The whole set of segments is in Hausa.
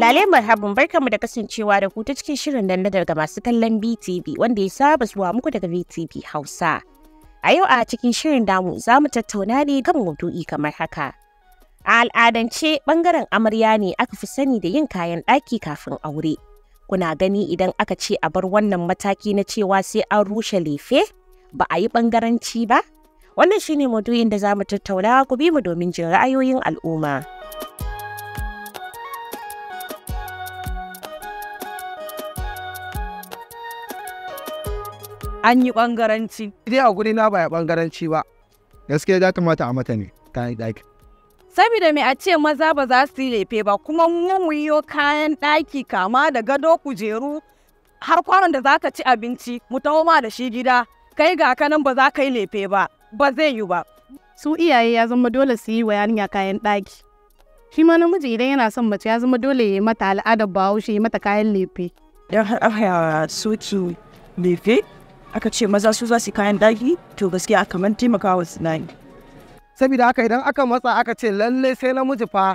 Lale Marhabun mu da kasancewa da ku ta cikin shirin da daga masu kallon BTV wanda ya saba zuwa muku daga BTV Hausa. A yau a cikin shirin damu za mu tattauna ne kan maudu'i kamar haka. A al'adance bangaren amarya ne aka fi sani da yin kayan ɗaki kafin aure. Kuna gani idan aka ce a bar wannan mataki na cewa sai an rushe lefe ba a yi bangaranci ba? Wannan shine maudu'in da za mu tattauna ku bi mu domin jin ra'ayoyin al'umma. an yi bangaranci idan a guri na ba ya bangaranci ba gaskiya za ta mata a mata ne kayan ɗaki saboda mai a ce maza ba za su yi lefe ba kuma mu yiwo kayan ɗaki kama da gado kujeru har kwanon da za ka ci abinci mu taho ma da shi gida kai ga kanan ba za ka yi lefe ba ba zai yi ba su iyaye ya zama dole su yi wa yarinya kayan ɗaki shi ma namiji idan yana son mace ya zama dole ya yi mata al'adar bahaushe ya mata kayan lefe don har aka suki lefe aka ce maza su za su kayan daki to gaskiya aka taimaka taimakawa sinani saboda haka idan aka matsa aka ce lalle sai namiji fa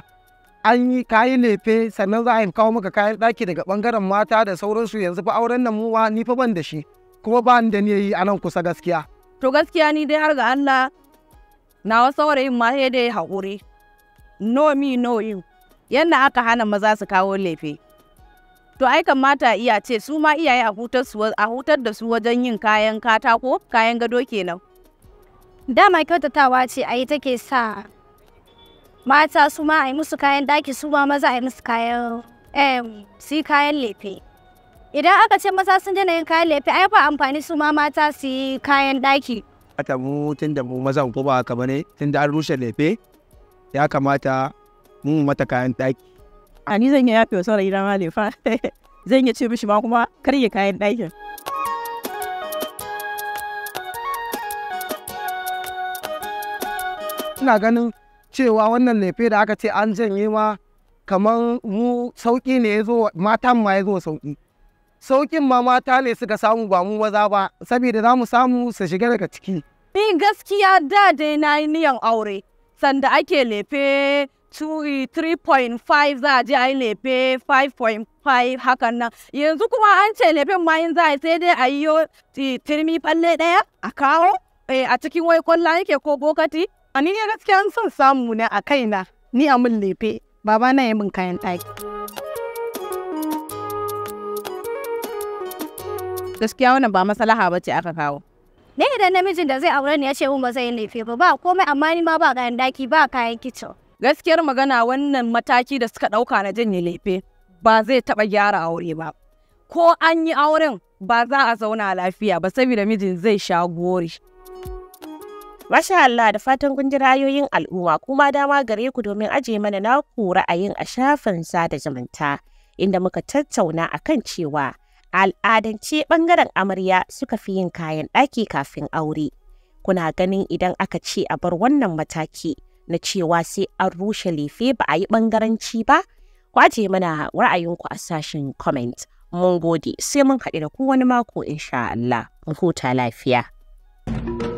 an yi kayi lefe sannan za a yi kawo maka kayan ɗaki daga ɓangaren mata da sauransu yanzu fa auren nan muwa ni fa ban da shi kuma ba ni da ni yi a nan kusa gaskiya. To gaskiya ni dai har ga Allah na wasu saurayin ma sai dai haƙuri. No me no you. Yanda aka hana maza su kawo lefe to ai kamata iya ce su ma iyaye a hutar su a hutar da su wajen yin kayan katako kayan gado kenan dama kyautatawa ce ai take sa mata su ma ai musu kayan daki su ma maza a yi musu kayan eh, si kayan lefe idan aka ce maza sun daina yin kayan lefe ai ba amfani su ma mata su yi kayan daki ata mu tun da mu maza ko ba haka bane tun da an rushe lefe ya kamata mu mata kayan daki ani zan iya yafe wa saurayi na ma lefa zan iya ce mishi ma kuma karya kayan ɗakin. Ina ganin cewa wannan lefe da aka ce an janye ma kamar mu sauƙi ne ya zo mata ma ya zo sauƙi. Sauƙin ma mata ne suka samu ba mu maza ba saboda za mu samu su shiga daga ciki. Ni gaskiya da dai na yi niyan aure sanda ake lefe 3.5 za a je a lefe 5.5 hakan nan yanzu kuma an ce lefen ma yin za a sai dai a yi turmi falle daya a kawo eh, a cikin wai kwalla yake ko bokati a ni ne gaskiya son samu ne a kaina ni a mun lefe baba na yi min kayan ɗaki. gaskiya wannan ba maslaha ba ce aka kawo. Ne idan namijin da zai aure ni ya ce mun ba zai lefe ba ba komai amma ni ma ba kayan daki ba kayan kicin. gaskiyar magana wannan mataki da suka ɗauka na janye lefe ba zai taɓa gyara aure ba ko an yi auren ba za a zauna lafiya ba saboda mijin zai sha gori. Masha Allah da fatan kun ji rayoyin al'umma kuma dama gare ku domin aje mana naku ra'ayin a shafin sada zumunta inda muka tattauna a kan cewa al'adance bangaren amarya suka fi yin kayan ɗaki kafin aure. Kuna ganin idan aka ce a bar wannan mataki na cewa sai an rushe lefe ba a yi ɓangaranci ba? Kwaje mana ra'ayinku a sashen comment. Mun gode sai mun haɗu da ku wani mako insha Allah. mu Huta lafiya.